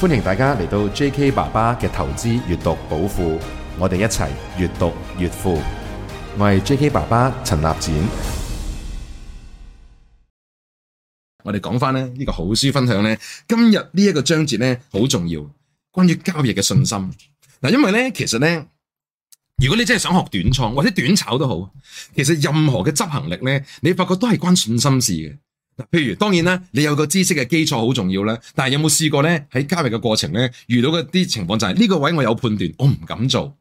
歡迎大家嚟到 J.K. 爸爸嘅投資閱讀寶庫，我哋一齊閱讀越富。我係 J.K. 爸爸陳立展。我哋講翻呢個好書分享呢，今日呢一個章節呢，好重要，關於交易嘅信心。因為呢，其實呢，如果你真係想學短倉或者短炒都好，其實任何嘅執行力呢，你發覺都係關信心事嘅。譬如當然啦，你有個知識嘅基礎好重要啦，但係有冇試過咧，喺交易嘅過程咧遇到嗰啲情況，就係呢個位我有判斷，我唔敢做，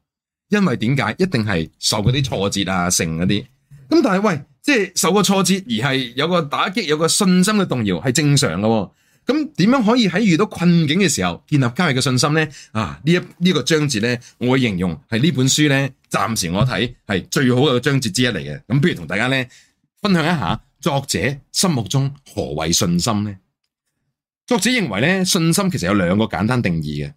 因為點解？一定係受嗰啲挫折啊，成嗰啲。咁但係喂，即係受過挫折而係有個打擊，有個信心嘅動搖係正常喎。咁點樣可以喺遇到困境嘅時候建立交易嘅信心咧？啊，呢一呢個章節咧，我會形容係呢本書咧暫時我睇係最好嘅章節之一嚟嘅。咁，不如同大家咧分享一下。作者心目中何謂信心呢？作者認為咧，信心其實有兩個簡單的定義嘅，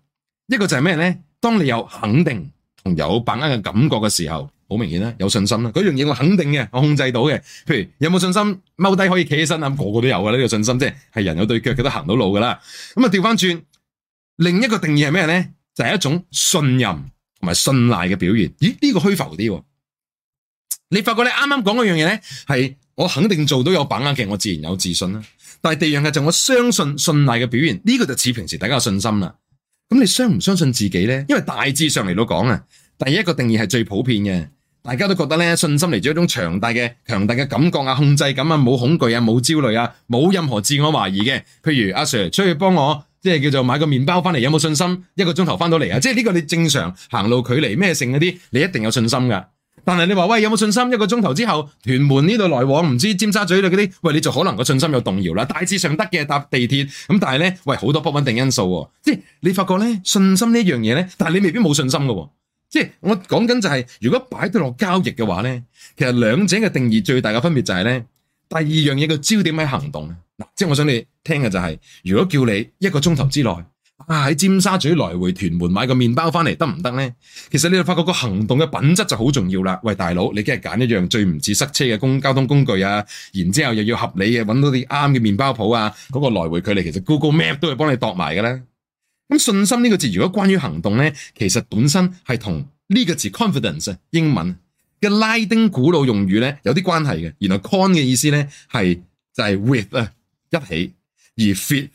一個就係咩咧？當你有肯定同有把握嘅感覺嘅時候，好明顯啦，有信心啦。嗰樣嘢我肯定嘅，我控制到嘅。譬如有冇信心踎低可以企起身啊？個個都有嘅。呢個信心即係係人有對腳佢都行到路噶啦。咁啊，調翻轉另一個定義係咩咧？就係一種信任同埋信賴嘅表現。咦？呢個虛浮啲。你發覺你啱啱講嗰樣嘢咧，係。我肯定做到有把握嘅，我自然有自信啦。但第二樣嘅就我相信信賴嘅表現，呢個就似平時大家的信心啦。咁你相唔相信自己呢？因為大致上嚟到講啊，第一個定義係最普遍嘅，大家都覺得呢，信心嚟自一種強大嘅強大嘅感覺啊，控制感啊，冇恐懼啊，冇焦慮啊，冇任何自我懷疑嘅。譬如阿 Sir 出去幫我即係叫做買個麵包返嚟，有冇信心一個鐘頭返到嚟？啊即係呢個你正常行路距離咩剩嗰啲，你一定有信心㗎。但係你話，喂，有冇信心一個鐘頭之後屯門呢度來往唔知尖沙咀度嗰啲，喂，你就可能個信心有動搖啦。大致上得嘅，搭地鐵咁，但係咧，喂，好多不穩定因素喎。即係你發覺咧信心呢樣嘢咧，但係你未必冇信心㗎喎。即係我講緊就係如果擺得落交易嘅話咧，其實兩者嘅定義最大嘅分別就係咧第二樣嘢個焦點喺行動嗱，即係我想你聽嘅就係如果叫你一個鐘頭之內。啊！喺尖沙咀來回屯門買個麵包翻嚟得唔得咧？其實你就發覺個行動嘅品質就好重要啦。喂，大佬，你梗係揀一樣最唔似塞車嘅公交通工具啊，然之後又要合理嘅，揾到啲啱嘅麵包鋪啊，嗰、那個來回距離其實 Google Map 都係幫你度埋嘅呢。咁信心呢個字，如果關於行動咧，其實本身係同呢個字 confidence 英文嘅拉丁古老用語咧有啲關係嘅。原來 con 嘅意思咧係就係、是、with 啊、uh，一起而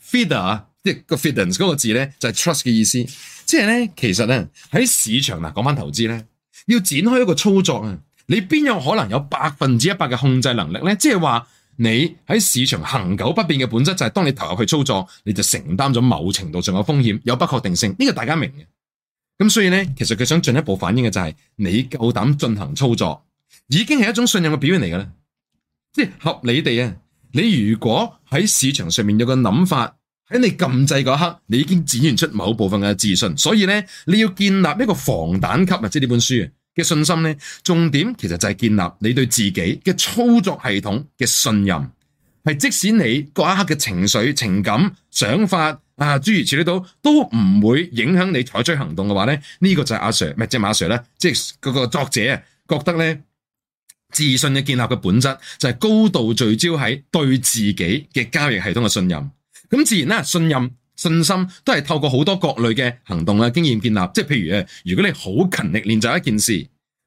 feeder id。即係個 confidence 嗰個字咧，就係、是、trust 嘅意思。即係咧，其實咧喺市場啊，講翻投資咧，要展開一個操作啊，你邊有可能有百分之一百嘅控制能力咧？即係話你喺市場恒久不變嘅本質就係、是，當你投入去操作，你就承擔咗某程度上嘅風險，有不確定性。呢、這個大家明嘅。咁所以咧，其實佢想進一步反映嘅就係、是，你夠膽進行操作，已經係一種信任嘅表現嚟嘅啦。即、就、係、是、合理地啊，你如果喺市場上面有個諗法。喺你撳掣嗰刻，你已經展現出某部分嘅自信，所以咧，你要建立一個防彈級啊！即係呢本書嘅信心咧，重點其實就係建立你對自己嘅操作系統嘅信任，係即使你嗰一刻嘅情緒、情感、想法啊，諸如此類都都唔會影響你採取行動嘅話咧，呢、呢個就係阿 Sir 咩？即係阿 Sir 咧，即係嗰個作者覺得咧，自信嘅建立嘅本質就係高度聚焦喺對自己嘅交易系統嘅信任。咁自然咧，信任、信心都係透過好多各類嘅行動啊、經驗建立。即係譬如誒，如果你好勤力練習一件事，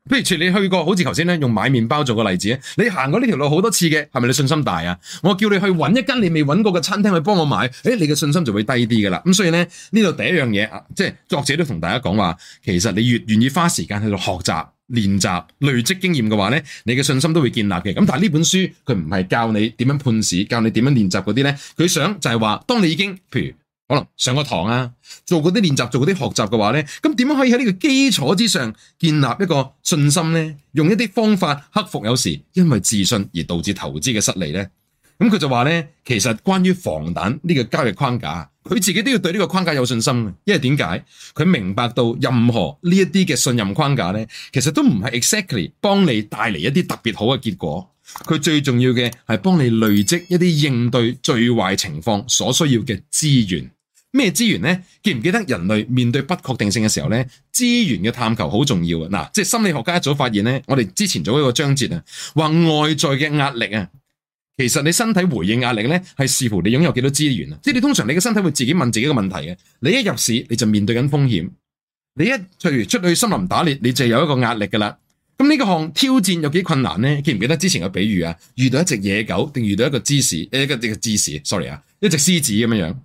譬如說你去過，好似頭先咧用買麵包做個例子，你行過呢條路好多次嘅，係咪你信心大啊？我叫你去搵一間你未搵過嘅餐廳去幫我買，誒、哎，你嘅信心就會低啲噶啦。咁所以咧，呢度第一樣嘢啊，即係作者都同大家講話，其實你越願意花時間喺度學習，練習累積經驗嘅話呢你嘅信心都會建立嘅。咁但係呢本書佢唔係教你點樣判市，教你點樣練習嗰啲呢佢想就係話，當你已經譬如可能上個堂啊，做嗰啲練習，做嗰啲學習嘅話呢咁點樣可以喺呢個基礎之上建立一個信心呢？用一啲方法克服，有時因為自信而導致投資嘅失利呢。咁佢就話呢，其實關於防彈呢個交易框架，佢自己都要對呢個框架有信心嘅。因為點解？佢明白到任何呢一啲嘅信任框架呢，其實都唔係 exactly 幫你帶嚟一啲特別好嘅結果。佢最重要嘅係幫你累積一啲應對最壞情況所需要嘅資源。咩資源呢？記唔記得人類面對不確定性嘅時候呢？資源嘅探求好重要啊！嗱，即係心理學家一早發現呢，我哋之前做一個章節啊，話外在嘅壓力啊。其實你身體回應壓力咧，係視乎你擁有幾多資源啊！即係你通常你嘅身體會自己問自己一個問題嘅。你一入市你就面對緊風險，你一譬如出去森林打獵，你就有一個壓力噶啦。咁呢個項挑戰有幾困難咧？記唔記得之前嘅比喻啊？遇到一隻野狗，定遇到一個芝士？誒、呃，一個一個芝士，sorry 啊，一隻獅子咁樣樣，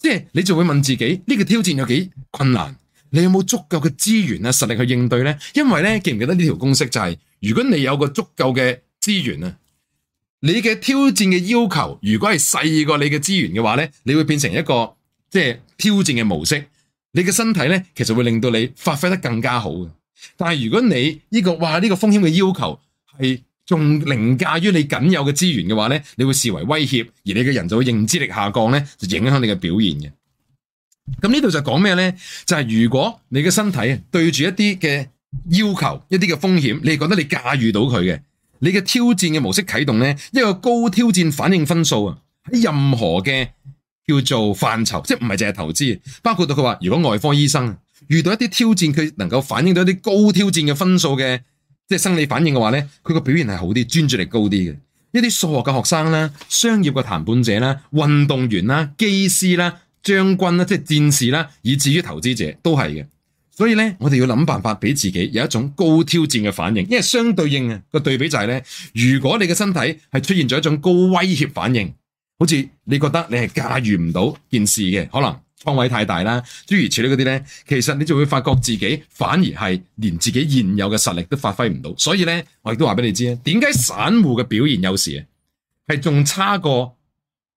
即係你就會問自己呢、這個挑戰有幾困難？你有冇足夠嘅資源啊實力去應對咧？因為咧，記唔記得呢條公式就係、是，如果你有個足夠嘅資源啊。你嘅挑戰嘅要求，如果係細過你嘅資源嘅話呢，你會變成一個即係、就是、挑戰嘅模式。你嘅身體呢，其實會令到你發揮得更加好嘅。但係如果你呢、呢個話呢、呢個風險嘅要求係仲凌駕於你僅有嘅資源嘅話呢，你會視為威脅，而你嘅人就會認知力下降呢，就影響你嘅表現嘅。咁呢度就講咩呢？就係、是、如果你嘅身體對住一啲嘅要求、一啲嘅風險，你覺得你駕馭到佢嘅。你嘅挑戰嘅模式啟動呢，一個高挑戰反應分數啊，喺任何嘅叫做範疇，即係唔係淨係投資，包括到佢話，如果外科醫生遇到一啲挑戰，佢能夠反映到一啲高挑戰嘅分數嘅，即係生理反應嘅話呢，佢個表現係好啲，專注力高啲嘅。一啲數學嘅學生啦，商業嘅談判者啦，運動員啦，機師啦，將軍啦，即係戰士啦，以至於投資者都係嘅。所以咧，我哋要諗辦法俾自己有一種高挑戰嘅反應，因為相對應啊個對比就係咧，如果你嘅身體係出現咗一種高威脅反應，好似你覺得你係駕馭唔到件事嘅，可能倉位太大啦，諸如此類嗰啲咧，其實你就會發覺自己反而係連自己現有嘅實力都發揮唔到，所以咧，我亦都話俾你知啊，點解散戶嘅表現有時係仲差過？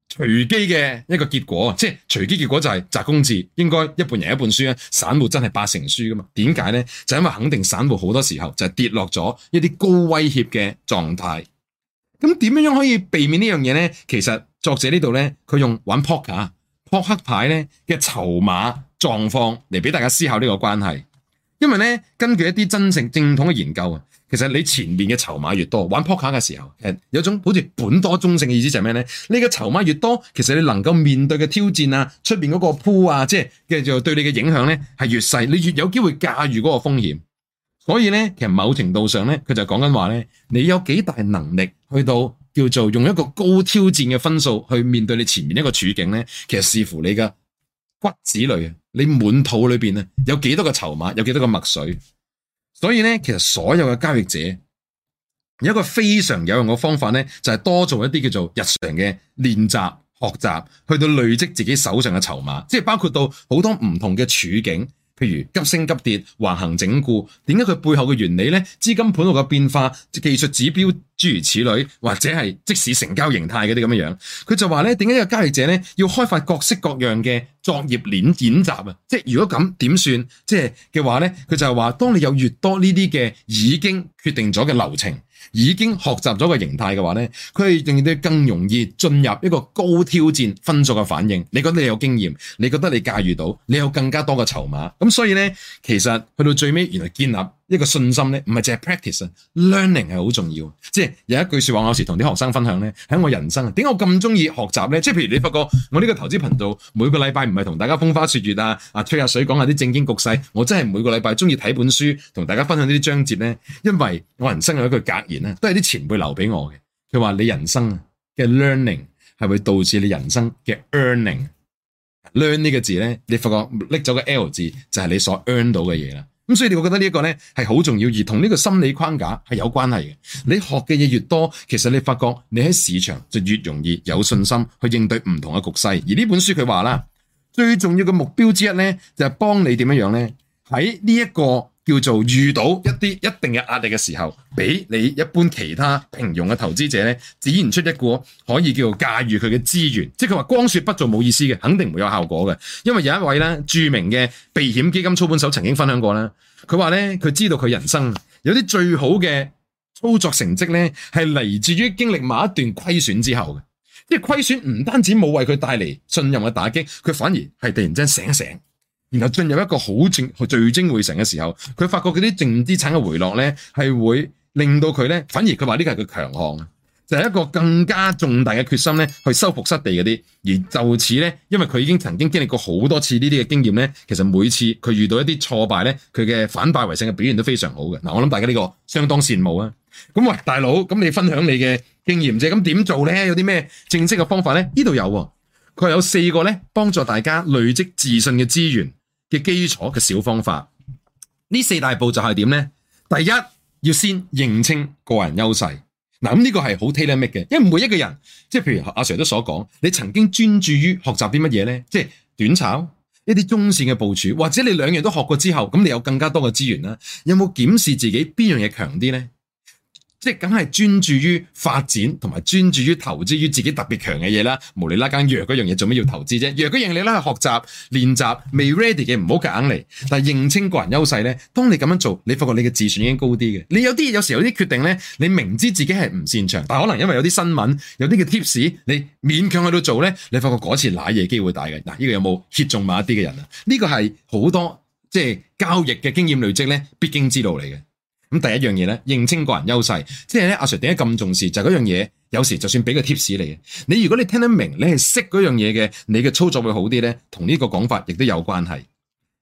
隨機嘅一個結果，即係隨機結果就係擇公字，應該一半贏一半輸啊！散戶真係八成輸噶嘛？點解咧？就因為肯定散戶好多時候就係跌落咗一啲高威脅嘅狀態。咁點樣樣可以避免呢樣嘢咧？其實作者呢度咧，佢用玩撲克、撲克牌咧嘅籌碼狀況嚟俾大家思考呢個關係。因為咧，根據一啲真正正統嘅研究啊，其實你前面嘅籌碼越多，玩撲克嘅時候，誒，有種好似本多中性嘅意思就係咩咧？你嘅籌碼越多，其實你能夠面對嘅挑戰啊，出邊嗰個鋪啊，即係嘅叫做、對你嘅影響咧，係越細，你越有機會駕馭嗰個風險。所以咧，其實某程度上咧，佢就講緊話咧，你有幾大能力去到叫做用一個高挑戰嘅分數去面對你前面一個處境咧，其實視乎你嘅骨子裏啊。你滿肚裏邊咧，有幾多個籌碼，有幾多個墨水，所以咧，其實所有嘅交易者有一個非常有用嘅方法咧，就係多做一啲叫做日常嘅練習、學習，去到累積自己手上嘅籌碼，即係包括到好多唔同嘅處境，譬如急升急跌、橫行整固，點解佢背後嘅原理咧？資金盤度嘅變化、技術指標。諸如此類，或者係即使成交形態嗰啲咁嘅樣，佢就話呢點解一個交易者呢？要開發各式各樣嘅作業鏈練習啊？即係如果咁點算，即係嘅話呢，佢就話，就當你有越多呢啲嘅已經決定咗嘅流程，已經學習咗個形態嘅話呢，佢係令到更容易進入一個高挑戰分數嘅反應。你覺得你有經驗，你覺得你駕馭到，你有更加多嘅籌碼。咁所以呢，其實去到最尾，原來建立一個信心咧，唔係淨係 practice 啊，learning 係好重要。即係有一句說話，我有時同啲學生分享咧，喺我人生啊，點解我咁中意學習咧？即係譬如你發覺我呢個投資頻道每個禮拜唔係同大家風花雪月啊啊吹下水講下啲政經局勢，我真係每個禮拜中意睇本書，同大家分享呢啲章節咧。因為我人生有一句格言咧，都係啲前輩留俾我嘅。佢話你人生啊嘅 learning 係會導致你人生嘅 earning。learn 呢個字咧，你發覺拎走個 L 字，就係你所 earn 到嘅嘢啦。噉，所以你會覺得呢個呢係好重要，而同呢個心理框架係有關係嘅。你學嘅嘢越多，其實你發覺你喺市場就越容易有信心去應對唔同嘅局勢。而呢本書佢話啦，最重要嘅目標之一呢，就係幫你點樣呢？喺呢一個。叫做遇到一啲一定嘅壓力嘅時候，俾你一般其他平庸嘅投資者咧，展現出一個可以叫做駕馭佢嘅資源。即係佢話光說不做冇意思嘅，肯定會有效果嘅。因為有一位咧著名嘅避險基金操盤手曾經分享過啦，佢話咧佢知道佢人生有啲最好嘅操作成績咧，係嚟自於經歷某一段虧損之後嘅。即係虧損唔單止冇為佢帶嚟信任嘅打擊，佢反而係突然之間醒一醒。然後進入一個好正聚精會神嘅時候，佢發覺佢啲正資產嘅回落呢，係會令到佢呢，反而佢話呢個係佢強項，就係一個更加重大嘅決心呢，去收復失地嗰啲。而就此呢，因為佢已經曾經經歷過好多次呢啲嘅經驗呢，其實每次佢遇到一啲挫敗呢，佢嘅反敗為勝嘅表現都非常好嘅。嗱，我諗大家呢個相當羨慕啊！咁喂，大佬，咁你分享你嘅經驗啫，咁點做呢？有啲咩正式嘅方法呢？呢度有，佢有四個呢，幫助大家累積自信嘅資源嘅基礎嘅小方法，呢四大步驟係點咧？第一要先認清個人優勢。嗱、這個，咁呢個係好 tailormade 嘅，因為每一個人，即係譬如阿 Sir 都所講，你曾經專注於學習啲乜嘢咧？即係短炒一啲中綫嘅部署，或者你兩樣都學過之後，咁你有更加多嘅資源啦。有冇檢視自己邊樣嘢強啲咧？即係梗係專注於發展，同埋專注於投資於自己特別強嘅嘢啦。無理啦，更弱嗰樣嘢做乜要投資啫？弱嘅盈利咧係學習、練習未 ready 嘅，唔好夾硬嚟。但係認清個人優勢咧，當你咁樣做，你發覺你嘅自信已經高啲嘅。你有啲有時有啲決定咧，你明知自己係唔擅長，但可能因為有啲新聞、有啲嘅 tips，你勉強喺度做咧，你發覺嗰次瀨嘢機會大嘅。嗱，呢個有冇 hit 中某一啲嘅人啊？呢、這個係好多即係交易嘅經驗累積咧，必經之路嚟嘅。咁第一樣嘢咧，認清個人優勢，即係咧阿 Sir 點解咁重視就係嗰樣嘢，有時就算俾個貼士你，你如果你聽得明，你係識嗰樣嘢嘅，你嘅操作會好啲咧，同呢個講法亦都有關係。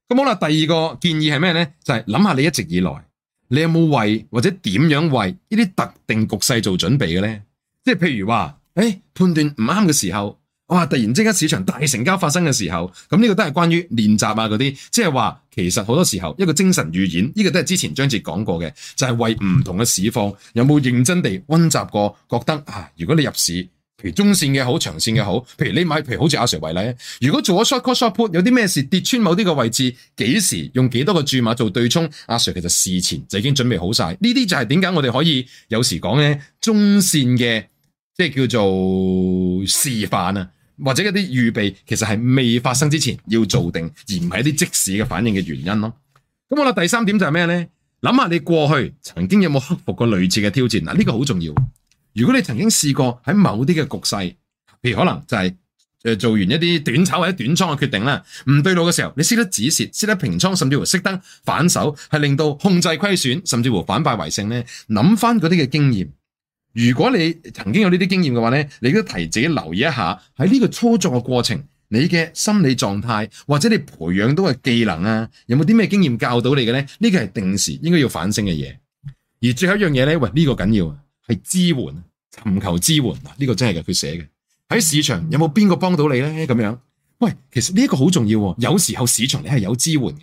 咁好啦，第二個建議係咩咧？就係諗下你一直以來，你有冇為或者點樣為呢啲特定局勢做準備嘅咧？即係譬如話，誒判斷唔啱嘅時候。我哇，突然之間市場大成交發生嘅時候，咁呢個都係關於練習啊嗰啲，即係話其實好多時候一個精神預演，呢、這個都係之前章節講過嘅，就係、是、為唔同嘅市況有冇認真地溫習過，覺得啊，如果你入市，譬如中線嘅好，長線嘅好，譬如你買，譬如好似阿 Sir 為例，如果做咗 short call short put，有啲咩事跌穿某啲個位置，幾時用幾多個注碼做對沖，阿 Sir 其實事前就已經準備好晒，呢啲就係點解我哋可以有時講呢中線嘅，即係叫做示範啊。或者一啲預備，其實係未發生之前要做定，而唔係一啲即時嘅反應嘅原因咯。咁我哋第三點就係咩咧？諗下你過去曾經有冇克服過類似嘅挑戰嗱？呢個好重要。如果你曾經試過喺某啲嘅局勢，譬如可能就係做完一啲短炒或者短倉嘅決定啦，唔對路嘅時候你，你識得止蝕、識得平倉，甚至乎識得反手，係令到控制虧損，甚至乎反敗為勝咧。諗翻嗰啲嘅經驗。如果你曾經有呢啲經驗嘅話呢，你都提自己留意一下喺呢個操作嘅過程，你嘅心理狀態或者你培養到嘅技能啊，有冇啲咩經驗教到你嘅呢？呢個係定時應該要反省嘅嘢。而最後一樣嘢呢，喂，呢個緊要啊，係支援，尋求支援。呢個真係嘅佢寫嘅喺市場有冇邊個幫到你呢？咁樣，喂，其實呢一個好重要，有時候市場你係有支援嘅。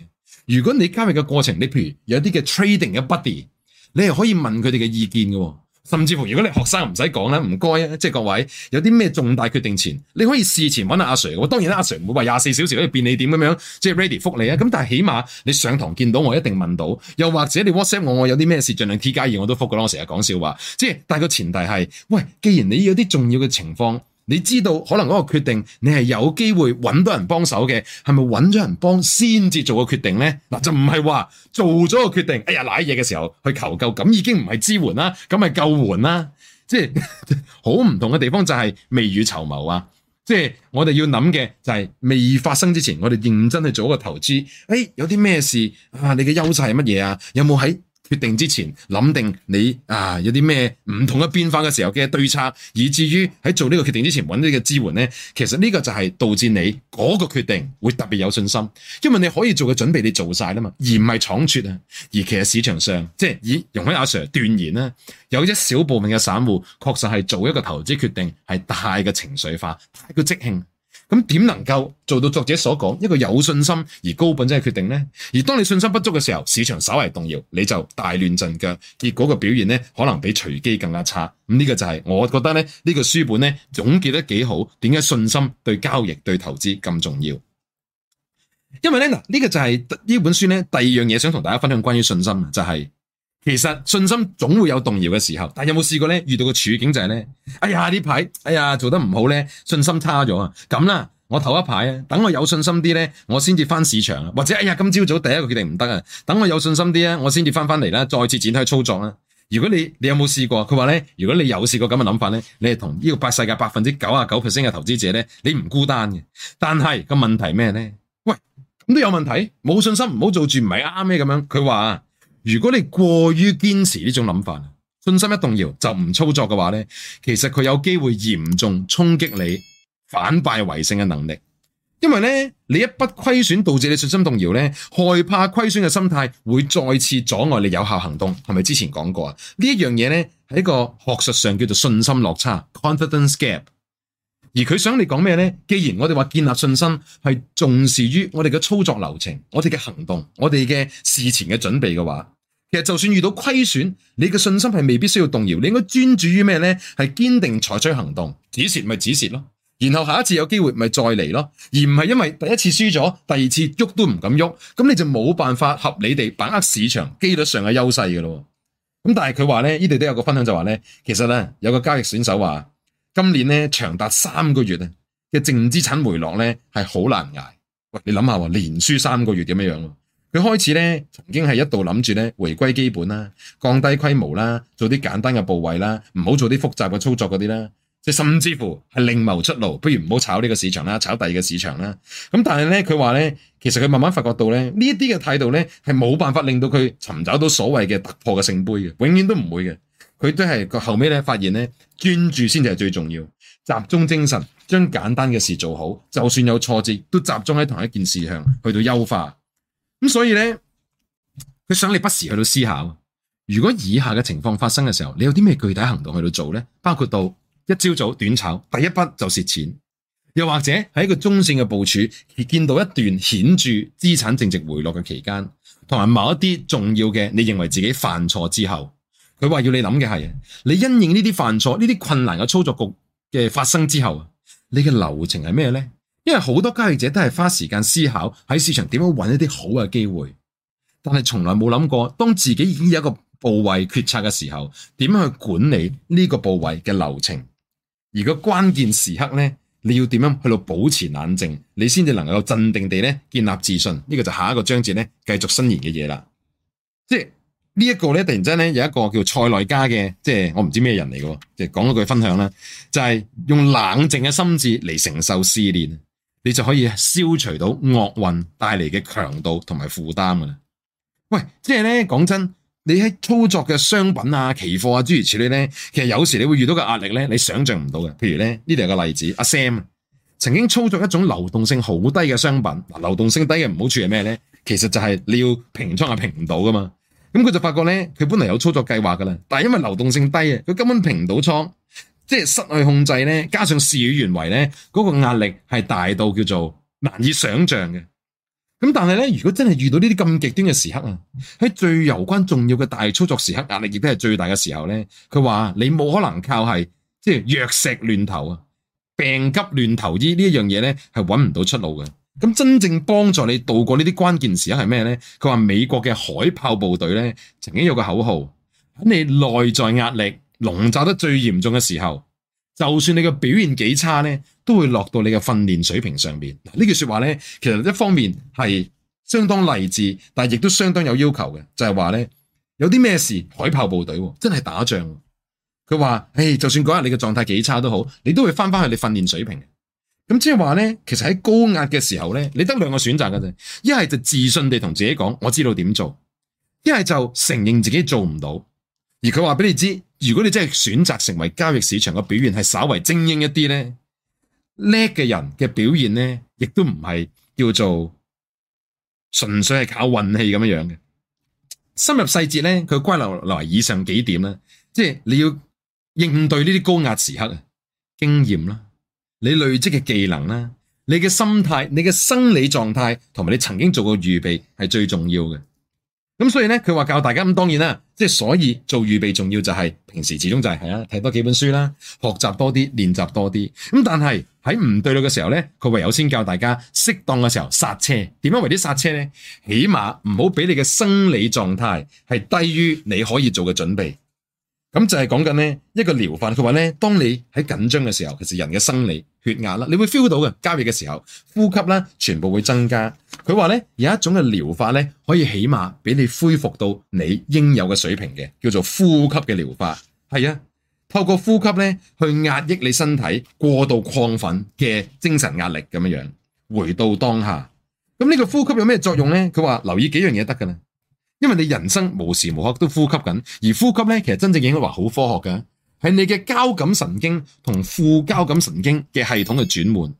如果你交易嘅過程，你譬如有啲嘅 trading 嘅 buddy 你係可以問佢哋嘅意見嘅。甚至乎如果你學生唔使講啦，唔該啊，即係各位有啲咩重大決定前，你可以事前搵下阿 Sir。當然啦，阿 Sir 唔會話廿四小時喺度便利店咁樣即係 ready 覆你啊。咁但係起碼你上堂見到我一定問到，又或者你 WhatsApp 我，我有啲咩事盡量 T 加二我都覆噶啦。我成日講笑話，即係但係個前提係，喂，既然你有啲重要嘅情況。你知道可能嗰個決定你係有機會揾到人幫手嘅，係咪揾咗人幫先至做個決定呢？嗱，就唔係話做咗個決定，哎呀瀨嘢嘅時候去求救，咁已經唔係支援啦，咁係救援啦，即係好唔同嘅地方就係未雨綢繆啊！即係我哋要諗嘅就係未發生之前，我哋認真去做個投資。誒、哎，有啲咩事啊？你嘅優勢係乜嘢啊？有冇喺？決定之前，諗定你啊有啲咩唔同嘅變化嘅時候嘅對策，以至於喺做呢個決定之前揾呢個支援呢，其實呢個就係導致你嗰個決定會特別有信心，因為你可以做嘅準備你做晒啦嘛，而唔係倉促啊。而其實市場上即係以容許阿 Sir 斷言啦，有一小部分嘅散戶確實係做一個投資決定係太過情緒化，太過即興。咁點能夠做到作者所講一個有信心而高品質嘅決定呢？而當你信心不足嘅時候，市場稍為動搖，你就大亂陣腳，結果個表現呢可能比隨機更加差。咁、這、呢個就係我覺得呢呢、這個書本呢總結得幾好。點解信心對交易對投資咁重要？因為呢嗱，呢、這個就係呢本書呢第二樣嘢想同大家分享關於信心就係、是。其實信心總會有動搖嘅時候，但係有冇試過呢？遇到個處境就係呢：哎呀呢排，哎呀做得唔好呢，信心差咗啊！咁啦，我頭一排啊，等我有信心啲呢，我先至返市場啊，或者哎呀今朝早第一個決定唔得啊，等我有信心啲啊，我先至返返嚟啦，再次展開操作啦。如果你你有冇試過？佢話呢，如果你有試過咁嘅諗法呢，你係同呢個八世界百分之九啊九 percent 嘅投資者呢，你唔孤單嘅。但係個問題咩呢？喂咁都有問題，冇信心唔好做住唔係啱咩咁樣？佢話。如果你過於堅持呢種諗法，信心一動搖就唔操作嘅話呢，其實佢有機會嚴重衝擊你反敗為勝嘅能力，因為呢，你一筆虧損導致你信心動搖呢，害怕虧損嘅心態會再次阻礙你有效行動，係咪之前講過啊？呢一樣嘢咧係一個學術上叫做信心落差 （confidence gap），而佢想你講咩呢？既然我哋話建立信心係重視於我哋嘅操作流程、我哋嘅行動、我哋嘅事前嘅準備嘅話。其實就算遇到虧損，你嘅信心係未必需要動搖。你應該專注於咩呢？係堅定採取行動，止蝕咪止蝕咯。然後下一次有機會咪再嚟咯，而唔係因為第一次輸咗，第二次喐都唔敢喐，咁你就冇辦法合理地把握市場機率上嘅優勢嘅咯。咁但係佢話呢，呢度都有個分享就話呢，其實呢，有個交易選手話，今年呢，長達三個月嘅淨資產回落呢係好難捱。喂，你諗下話，連輸三個月咁樣樣？佢開始咧，曾經係一度諗住咧，回歸基本啦，降低規模啦，做啲簡單嘅部位啦，唔好做啲複雜嘅操作嗰啲啦，即係甚至乎係另謀出路，不如唔好炒呢個市場啦，炒第二個市場啦。咁但係咧，佢話咧，其實佢慢慢發覺到咧，呢一啲嘅態度咧，係冇辦法令到佢尋找到所謂嘅突破嘅聖杯嘅，永遠都唔會嘅。佢都係後尾咧發現咧，專注先至係最重要，集中精神，將簡單嘅事做好，就算有挫折，都集中喺同一件事上，去到優化。咁所以呢，佢想你不時去到思考，如果以下嘅情況發生嘅時候，你有啲咩具體行動去到做呢？包括到一朝早短炒第一筆就蝕錢，又或者喺一個中性嘅部署而見到一段顯著資產淨值回落嘅期間，同埋某一啲重要嘅你認為自己犯錯之後，佢話要你諗嘅係你因應呢啲犯錯、呢啲困難嘅操作局嘅發生之後，你嘅流程係咩呢？」因為好多交易者都係花時間思考喺市場點樣揾一啲好嘅機會，但係從來冇諗過當自己已經有一個部位決策嘅時候，點樣去管理呢個部位嘅流程？而個關鍵時刻咧，你要點樣去到保持冷靜，你先至能夠鎮定地咧建立自信。呢、這個就下一個章節咧繼續伸延嘅嘢啦。即係、這個、呢一個咧突然間咧有一個叫蔡內加嘅，即係我唔知咩人嚟嘅，即係講咗句分享啦，就係、是、用冷靜嘅心智嚟承受試煉。你就可以消除到厄運帶嚟嘅強度同埋負擔噶啦。喂，即係咧講真，你喺操作嘅商品啊、期貨啊諸如此類咧，其實有時你會遇到嘅壓力咧，你想象唔到嘅。譬如咧呢度有個例子，阿 Sam 曾經操作一種流動性好低嘅商品。嗱，流動性低嘅唔好處係咩咧？其實就係你要平倉又平唔到噶嘛。咁佢就發覺咧，佢本嚟有操作計劃噶啦，但係因為流動性低啊，佢根本平唔到倉。即係失去控制咧，加上事與願違咧，嗰個壓力係大到叫做難以想象嘅。咁但係咧，如果真係遇到呢啲咁極端嘅時刻啊，喺最有關重要嘅大操作時刻，壓力亦都係最大嘅時候咧，佢話你冇可能靠係即係藥石亂投啊，病急亂投醫呢一樣嘢咧係揾唔到出路嘅。咁真正幫助你度過呢啲關鍵時刻係咩咧？佢話美國嘅海豹部隊咧曾經有個口號：你內在壓力。籠罩得最嚴重嘅時候，就算你嘅表現幾差呢，都會落到你嘅訓練水平上面。呢句說話呢，其實一方面係相當勵志，但係亦都相當有要求嘅，就係話呢：「有啲咩事海豹部隊真係打仗」，佢話：誒、哎，就算嗰日你嘅狀態幾差都好，你都會翻翻去你訓練水平。咁即係話呢，其實喺高壓嘅時候呢，你得兩個選擇嘅啫，一係就自信地同自己講我知道點做，一係就承認自己做唔到。而佢話俾你知，如果你真係選擇成為交易市場嘅表現係稍為精英一啲呢。叻嘅人嘅表現呢，亦都唔係叫做純粹係靠運氣咁樣嘅。深入細節呢，佢歸納來以上幾點啦，即係你要應對呢啲高壓時刻啊，經驗啦，你累積嘅技能啦，你嘅心態、你嘅生理狀態同埋你曾經做過預備係最重要嘅。咁所以呢，佢話教大家咁，當然啦。即所以做預備重要就係平時始終就係係啊，睇多幾本書啦，學習多啲，練習多啲。咁但係喺唔對路嘅時候呢，佢唯有先教大家適當嘅時候剎車。點樣為啲剎車呢？起碼唔好俾你嘅生理狀態係低於你可以做嘅準備。咁就係講緊咧一個療法，佢話咧，當你喺緊張嘅時候，其實人嘅生理血壓啦，你會 feel 到嘅。交易嘅時候，呼吸啦，全部會增加。佢話咧，有一種嘅療法咧，可以起碼俾你恢復到你應有嘅水平嘅，叫做呼吸嘅療法。係啊，透過呼吸咧去壓抑你身體過度亢奮嘅精神壓力咁樣樣，回到當下。咁呢個呼吸有咩作用咧？佢話留意幾樣嘢得㗎啦。因為你人生無時無刻都呼吸緊，而呼吸呢其實真正應該話好科學㗎，係你嘅交感神經同副交感神經嘅系統嘅轉換。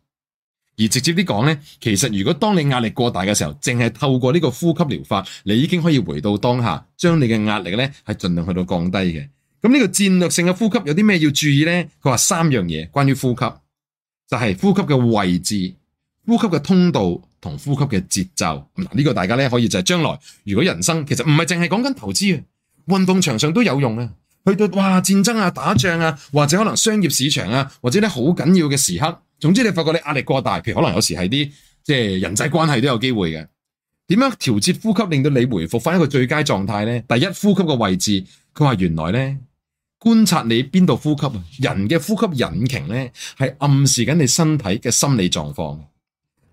而直接啲講呢，其實如果當你壓力過大嘅時候，淨係透過呢個呼吸療法，你已經可以回到當下，將你嘅壓力呢係盡量去到降低嘅。咁呢個戰略性嘅呼吸有啲咩要注意呢？佢話三樣嘢關於呼吸，就係、是、呼吸嘅位置、呼吸嘅通道，同呼吸嘅節奏，嗱、這、呢個大家咧可以就係將來，如果人生其實唔係淨係講緊投資啊，運動場上都有用啊，去到哇戰爭啊、打仗啊，或者可能商業市場啊，或者咧好緊要嘅時刻，總之你發覺你壓力過大，譬如可能有時係啲即係人際關係都有機會嘅，點樣調節呼吸令到你回復翻一個最佳狀態咧？第一，呼吸嘅位置，佢話原來咧觀察你邊度呼吸啊，人嘅呼吸引擎咧係暗示緊你身體嘅心理狀況。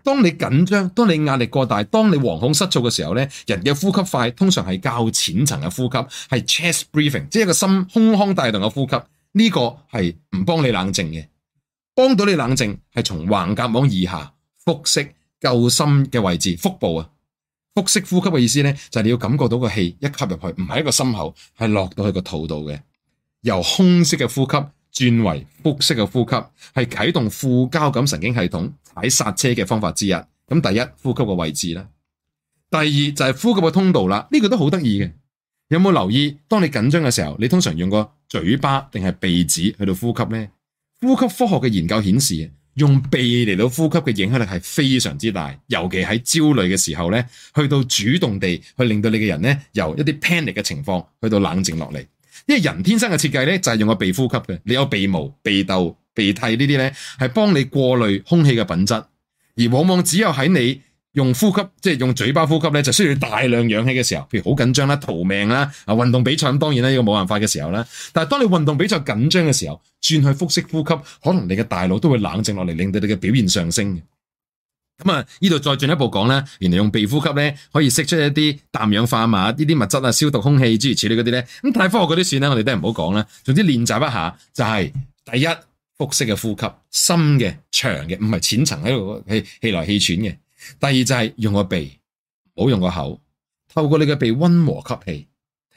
當你緊張、當你壓力過大、當你惶恐失措嘅時候呢，人嘅呼吸快，通常是較淺層嘅呼吸，是 chest breathing 即係個心胸腔帶動嘅呼吸。呢、這個是唔幫你冷靜嘅，幫到你冷靜是從橫膈膜以下，腹式夠深嘅位置，腹部啊，腹式呼吸嘅意思呢，就是你要感覺到個氣一吸入去，唔是一個心口，是落到去個肚度嘅，由胸式嘅呼吸轉為腹式嘅呼吸，是啟動副交感神經系統。喺煞車嘅方法之一，咁第一呼吸嘅位置啦，第二就係、是、呼吸嘅通道啦，呢、這個都好得意嘅。有冇留意？當你緊張嘅時候，你通常用個嘴巴定係鼻子去到呼吸呢？呼吸科學嘅研究顯示，用鼻嚟到呼吸嘅影響力係非常之大，尤其喺焦慮嘅時候呢，去到主動地去令到你嘅人呢由一啲 panic 嘅情況去到冷靜落嚟，因為人天生嘅設計呢，就係用個鼻呼吸嘅，你有鼻毛、鼻竇。鼻涕呢啲呢係幫你過濾空氣嘅品質，而往往只有喺你用呼吸，即係用嘴巴呼吸呢，就需要大量氧氣嘅時候，譬如好緊張啦、逃命啦、啊運動比賽當然啦呢個冇辦法嘅時候啦。但係當你運動比賽緊張嘅時候，轉去腹式呼吸，可能你嘅大腦都會冷靜落嚟，令到你嘅表現上升。咁、嗯、啊，呢度再進一步講啦，原來用鼻呼吸呢，可以釋出一啲氮氧化物呢啲物質啊，消毒空氣、諸如此類嗰啲呢。咁太科學嗰啲算呢，我哋都係唔好講啦。總之練習一下就係、是、第一。腹式嘅呼吸，深嘅、長嘅，唔係淺層喺度氣氣來氣喘嘅。第二就係用個鼻，唔好用個口，透過你嘅鼻溫和吸氣，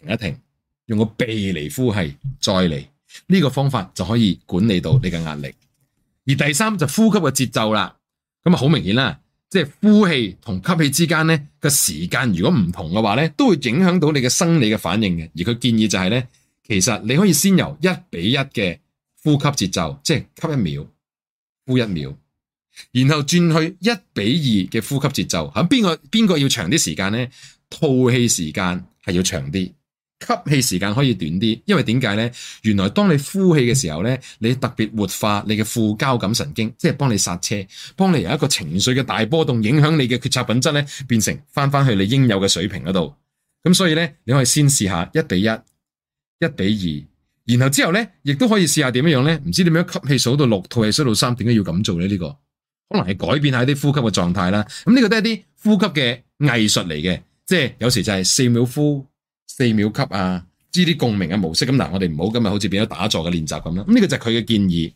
停一停，用個鼻嚟呼氣，再嚟呢、這個方法就可以管理到你嘅壓力。而第三就呼吸嘅節奏啦，咁啊好明顯啦，即、就、係、是、呼氣同吸氣之間咧個時間如果唔同嘅話咧，都會影響到你嘅生理嘅反應嘅。而佢建議就係咧，其實你可以先由一比一嘅。呼吸節奏，即係吸一秒，呼一秒，然後轉去一比二嘅呼吸節奏。咁邊個邊個要長啲時間呢？吐氣時間係要長啲，吸氣時間可以短啲。因為點解呢？原來當你呼氣嘅時候咧，你特別活化你嘅副交感神經，即係幫你剎車，幫你由一個情緒嘅大波動影響你嘅決策品質咧，變成翻翻去你應有嘅水平嗰度。咁所以咧，你可以先試下一比一，一比二，然後之後咧，亦都可以試下點樣樣咧？唔知點樣，吸氣數到六，吐氣數到三，點解要咁做咧？呢個可能係改變下啲呼吸嘅狀態啦。咁、嗯、呢、這個都係啲呼吸嘅藝術嚟嘅，即係有時就係四秒呼、四秒吸啊，知啲共鳴嘅模式。咁、嗯、嗱，我哋唔好今日好似變咗打坐嘅練習咁啦。咁、嗯、呢、這個就係佢嘅建議。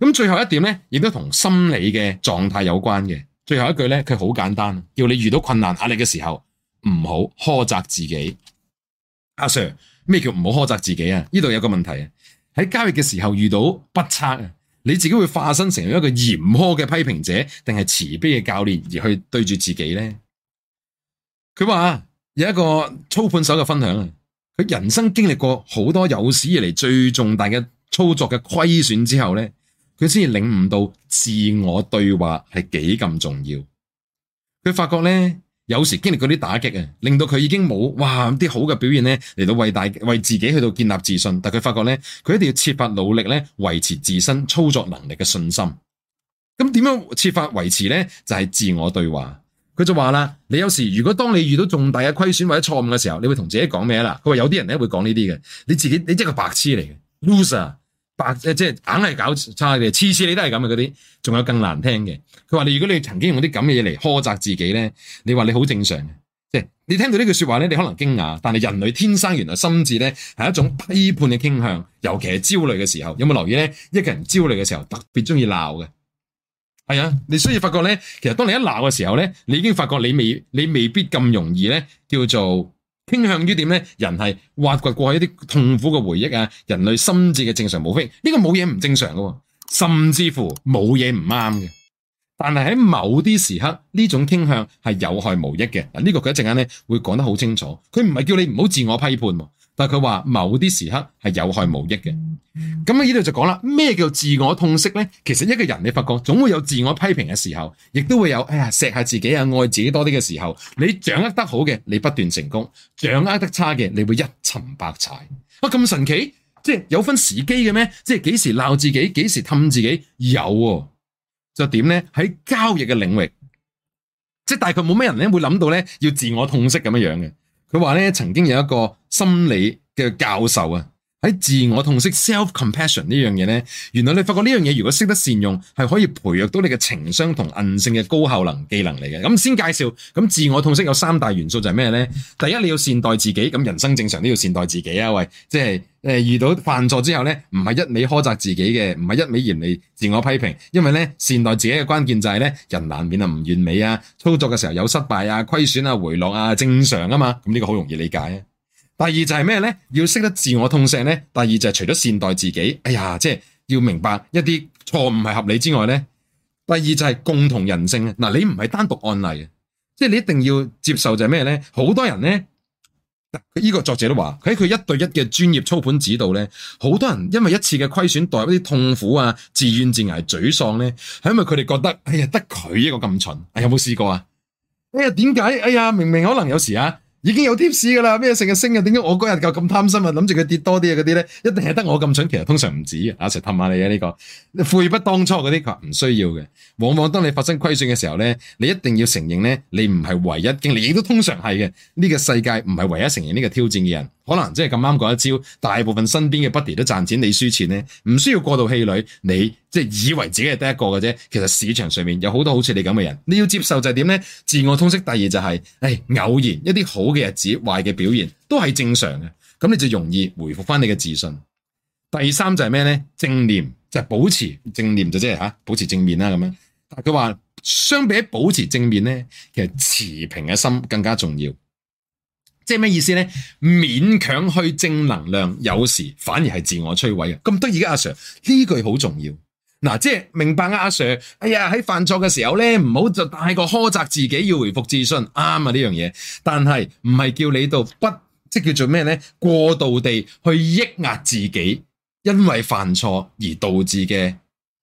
咁、嗯、最後一點咧，亦都同心理嘅狀態有關嘅。最後一句咧，佢好簡單，叫你遇到困難、壓力嘅時候，唔好苛責自己。阿、啊、Sir。咩叫唔好苛責自己啊？呢度有個問題啊。喺交易嘅時候遇到不測啊，你自己會化身成為一個嚴苛嘅批評者，定係慈悲嘅教練而去對住自己咧？佢話有一個操盤手嘅分享啊，佢人生經歷過好多有史以嚟最重大嘅操作嘅虧損之後咧，佢先至領悟到自我對話係幾咁重要。佢發覺咧。有時經歷過啲打擊啊，令到佢已經冇哇啲好嘅表現咧，嚟到為大為自己去到建立自信。但佢發覺咧，佢一定要設法努力咧，維持自身操作能力嘅信心。咁點樣設法維持咧？就係自我對話。佢就話啦，你有時如果當你遇到重大嘅虧損或者錯誤嘅時候，你會同自己講咩啦？佢話有啲人咧會講呢啲嘅，你自己你真係個白痴嚟嘅，loser。即係硬係搞差嘅，次次你都係咁嘅嗰啲。仲有更難聽嘅，佢話你如果你曾經用啲咁嘅嘢嚟苛責自己咧，你話你好正常嘅。即係你聽到呢句說話咧，你可能驚訝，但係人類天生原來心智咧係一種批判嘅傾向，尤其係焦慮嘅時候。有冇留意咧？一個人焦慮嘅時候特別中意鬧嘅，係啊。你所以發覺咧，其實當你一鬧嘅時候咧，你已經發覺你未你未必咁容易咧叫做。傾向於點呢？人係挖掘過去一啲痛苦嘅回憶啊，人類心智嘅正常模式，呢個冇嘢唔正常嘅、啊，甚至乎冇嘢唔啱嘅。但係喺某啲時刻，呢種傾向係有害無益嘅。嗱，呢個佢一陣間咧會講得好清楚。佢唔係叫你唔好自我批判喎、啊。但佢話某啲時刻係有害無益嘅，咁喺呢度就講啦，咩叫自我痛惜呢？其實一個人你發覺總會有自我批評嘅時候，亦都會有，哎呀，錫下自己啊，愛自己多啲嘅時候，你掌握得好嘅，你不斷成功；掌握得差嘅，你會一沉百踩。哦、啊，咁神奇，即係有分時機嘅咩？即係幾時鬧自己，幾時氹自己？有，就點呢？喺交易嘅領域，即係大概冇咩人咧會諗到呢，要自我痛惜咁樣樣嘅。佢話呢，曾經有一個。心理嘅教授啊，喺自我痛惜、self compassion 呢樣嘢呢，原來你發覺呢樣嘢，如果識得善用，係可以培育到你嘅情商同韌性嘅高效能技能嚟嘅。咁先介紹咁，自我痛惜有三大元素就係咩呢？第一，你要善待自己，咁人生正常都要善待自己啊，喂，即係誒遇到犯錯之後呢，唔係一味苛責自己嘅，唔係一味嚴厲自我批評，因為呢，善待自己嘅關鍵就係、是、呢，人難免啊唔完美啊，操作嘅時候有失敗啊虧損啊回落啊正常啊嘛，咁、這、呢個好容易理解。第二就係咩咧？要識得自我痛惜咧。第二就係除咗善待自己，哎呀，即係要明白一啲錯誤係合理之外咧。第二就係共同人性啊，嗱，你唔係單獨案例，即係你一定要接受就係咩咧？好多人咧，呢個作者都話，喺佢一對一嘅專業操盤指導咧，好多人因為一次嘅虧損代入啲痛苦啊、自怨自艾、沮喪咧，係因為佢哋覺得，哎呀，得佢一個咁蠢，有冇試過啊？哎呀，點解？哎呀，明明可能有時啊。已經有貼士㗎啦，咩成日升啊？點解我嗰日夠咁貪心啊？諗住佢跌多啲呀嗰啲呢？一定係得我咁蠢。其實通常唔止阿成氹下你呀，呢個，悔不當初嗰啲佢唔需要嘅。往往當你發生虧損嘅時候呢，你一定要承認呢，你唔係唯一經歷，亦都通常係嘅。呢個世界唔係唯一承認呢個挑戰嘅人。可能即係咁啱嗰一招，大部分身邊嘅 buddy 都賺錢，錢，你輸錢咧，唔需要過度氣餒。你即係、就是、以為自己係得一個嘅啫，其實市場上面有好多好似你咁嘅人，你要接受就係點咧？自我通識第二就係、是，誒、哎、偶然一啲好嘅日子、壞嘅表現都係正常嘅，咁你就容易回復翻你嘅自信。第三就係咩咧？正念就係保持正念就即係嚇保持正面啦咁樣。但佢話相比保持正面咧，其實持平嘅心更加重要。即係咩意思咧？勉強去正能量，有時反而係自我摧毀嘅。咁得意嘅阿 Sir 呢句好重要。嗱、啊，即係明白阿、啊啊、Sir。哎呀，喺犯錯嘅時候咧，唔好就太過苛責自己，要回復自信，啱啊呢樣嘢。但係唔係叫你度「不」，即叫做咩咧？過度地去抑壓自己，因為犯錯而導致嘅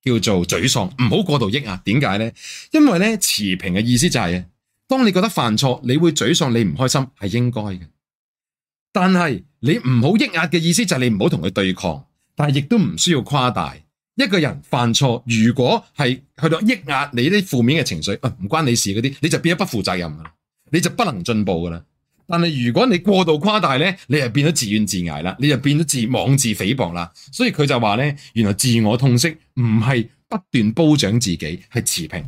叫做沮喪，唔好過度抑壓。點解咧？因為咧持平嘅意思就係、是。當你覺得犯錯，你會沮喪，你唔開心，是應該嘅。但是你唔好抑壓嘅意思就係你唔好同佢對抗，但係亦都唔需要誇大一個人犯錯。如果係去到抑壓你啲負面嘅情緒，啊唔關你事嗰啲，你就變得不負責任啦，你就不能進步㗎啦。但係如果你過度誇大呢，你就變咗自怨自艾啦，你就變咗妄自菲薄啦。所以佢就話呢，原來自我痛惜唔係不斷褒獎自己，係持平。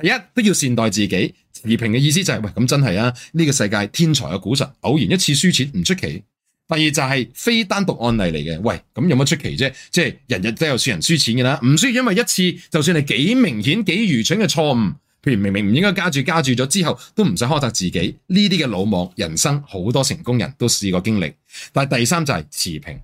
第一都要善待自己。持平嘅意思就係喂，咁真係啊，呢個世界天才嘅股神偶然一次輸錢唔出奇。第二就係非單獨案例嚟嘅。喂，咁有乜出奇啫？即係日日都有少人輸錢㗎啦，唔需要因為一次，就算你幾明顯幾愚蠢嘅錯誤，譬如明明唔應該加注，加注咗之後都唔使苛責自己，呢啲嘅魯莽，人生好多成功人都試過經歷。但第三就係持平。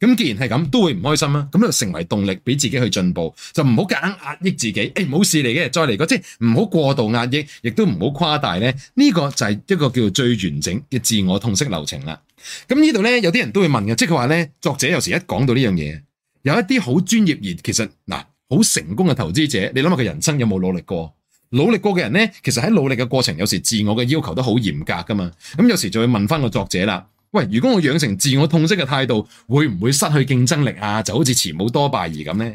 咁既然係咁，都會唔開心啦。咁就成為動力，俾自己去進步，就唔好夾硬壓抑自己。誒、哎，冇事嚟嘅，再嚟過，即係唔好過度壓抑，亦都唔好誇大咧。呢、這個就係一個叫做最完整嘅自我痛惜流程啦。咁呢度咧，有啲人都會問嘅，即係佢話咧，作者有時一講到呢樣嘢，有一啲好專業而其實嗱好成功嘅投資者，你諗下佢人生有冇努力過？努力過嘅人咧，其實喺努力嘅過程，有時自我嘅要求都好嚴格噶嘛。咁有時就會問翻個作者啦。喂，如果我養成自我痛惜嘅態度，會唔會失去競爭力啊？就好似慈母多敗兒咁呢？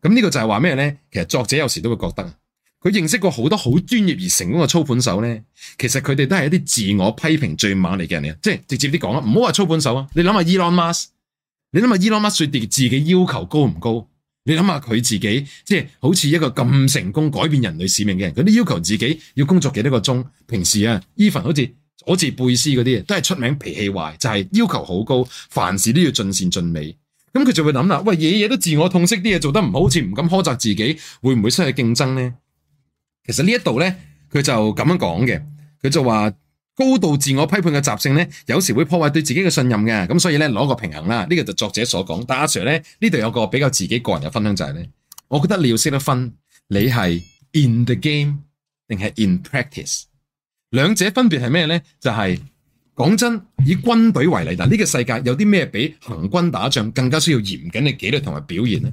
咁呢個就係話咩呢？其實作者有時都會覺得，佢認識過好多好專業而成功嘅操盤手呢。其實佢哋都係一啲自我批評最猛嚟嘅人嚟，即係直接啲講啊，唔好話操盤手啊，你諗下 Elon Musk，你諗下 Elon Musk 說跌自己要求高唔高？你諗下佢自己，即係好似一個咁成功改變人類使命嘅人，佢都要求自己要工作幾多個鐘，平時啊，even 好似。好似貝斯嗰啲嘢，都係出名脾氣壞，就係要求好高，凡事都要盡善盡美。咁佢就會諗啦，喂，嘢嘢，都自我痛惜啲嘢做得唔好，似唔敢苛責自己，會唔會失去競爭呢？其實呢一度呢，佢就咁樣講嘅，佢就話高度自我批判嘅習性呢，有時會破壞對自己嘅信任嘅，咁所以呢，攞個平衡啦。呢個就作者所講，但阿 Sir 呢，呢度有個比較自己個人嘅分享就係呢，我覺得你要識得分，你係 in the game 定係 in practice。兩者分別係咩呢？就係、是、講真，以軍隊為例，但呢個世界有啲咩比行軍打仗更加需要嚴謹嘅紀律同埋表現呢？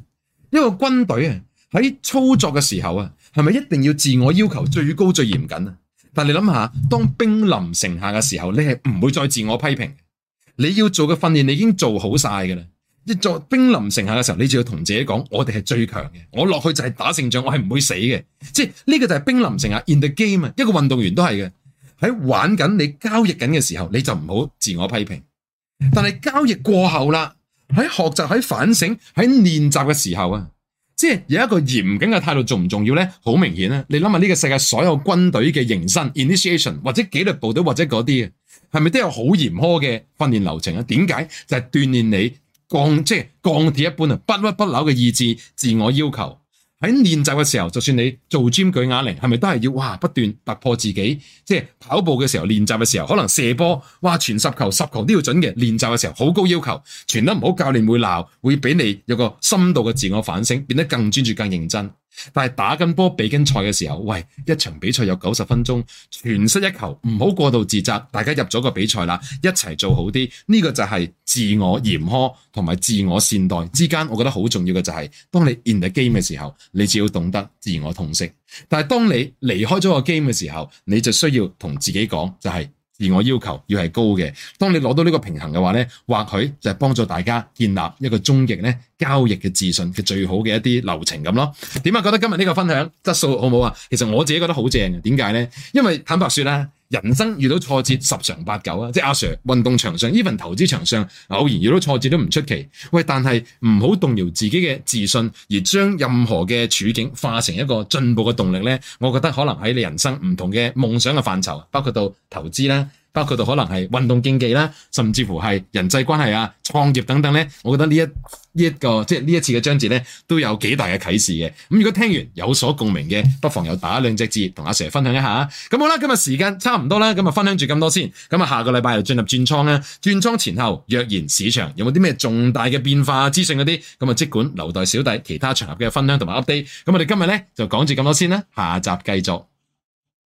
一個軍隊啊，喺操作嘅時候啊，係咪一定要自我要求最高最嚴謹啊？但你諗下，當兵臨城下嘅時候，你係唔會再自我批評，你要做嘅訓練你已經做好晒㗎啦。一作兵臨城下嘅時候，你就要同自己講：我哋係最強嘅，我落去就係打勝仗，我係唔會死嘅。即係呢、這個就係兵臨城下 in the game，一個運動員都係嘅。喺玩緊你交易緊嘅時候，你就唔好自我批評。但係交易過後啦，喺學習、喺反省、喺練習嘅時候啊，即係有一個嚴謹嘅態度重唔重要咧？好明顯啊！你諗下呢個世界所有軍隊嘅迎新 initiation，或者紀律部隊或者嗰啲啊，係咪都有好嚴苛嘅訓練流程啊？點解？就係鍛煉你鋼，即係鋼鐵一般啊，不屈不撓嘅意志自我要求。喺練習嘅時候，就算你做舉舉啞鈴，係咪都係要哇不斷突破自己？即跑步嘅時候，練習嘅時候，可能射波哇傳十球，十球都要準嘅。練習嘅時候好高要求，傳得唔好，教練會鬧，會俾你有個深度嘅自我反省，變得更專注、更認真。但係打緊波比緊賽嘅時候，喂，一場比賽有九十分鐘，全失一球，唔好過度自責。大家入咗個比賽啦，一齊做好啲。呢、這個就係自我嚴苛同埋自我善待之間，我覺得好重要嘅就係、是，當你 in the game 嘅時候，你只要懂得自我同息。但係當你離開咗個 game 嘅時候，你就需要同自己講、就是，就係自我要求要係高嘅。當你攞到呢個平衡嘅話呢，或許就係幫助大家建立一個中極呢，交易嘅自信嘅最好嘅一啲流程咁咯，點啊？覺得今日呢個分享質素好唔好啊？其實我自己覺得好正嘅，點解咧？因為坦白說啦，人生遇到挫折十常八九啊，即係阿 Sir 運動場上呢份投資場上偶然遇到挫折都唔出奇。喂，但係唔好動搖自己嘅自信，而將任何嘅處境化成一個進步嘅動力咧，我覺得可能喺你人生唔同嘅夢想嘅範疇，包括到投資啦。包括到可能係運動競技啦，甚至乎係人際關係啊、創業等等呢。我覺得呢一呢個即係呢一次嘅章節呢，都有幾大嘅啟示嘅。咁如果聽完有所共鳴嘅，不妨又打兩隻字同阿 Sir 分享一下。咁好啦，今日時間差唔多啦，咁就分享住咁多先。咁下個禮拜就進入轉倉啦，轉倉前後若然市場有冇啲咩重大嘅變化資訊嗰啲，咁就即管留待小弟其他場合嘅分享同埋 update。咁我哋今日呢，就講住咁多先啦，下集繼續。